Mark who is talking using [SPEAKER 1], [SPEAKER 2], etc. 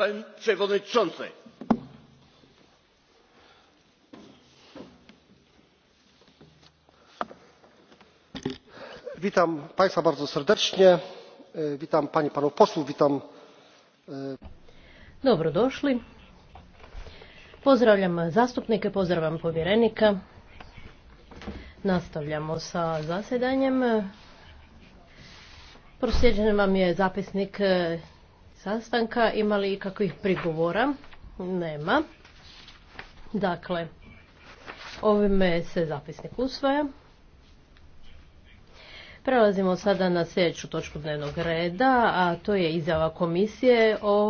[SPEAKER 1] panie przewodniczący!
[SPEAKER 2] witam państwa bardzo serdecznie witam panie i panów posłów witam. E, dobrodošli.
[SPEAKER 3] pozdravljam zastupnike pozdravljam povjerenika. nastavljamo sa zasjedanjem. proslijeđen vam je zapisnik e, sastanka. Ima li ikakvih prigovora? Nema. Dakle, ovime se zapisnik usvaja.
[SPEAKER 4] Prelazimo sada na sljedeću točku dnevnog reda, a to je izjava komisije o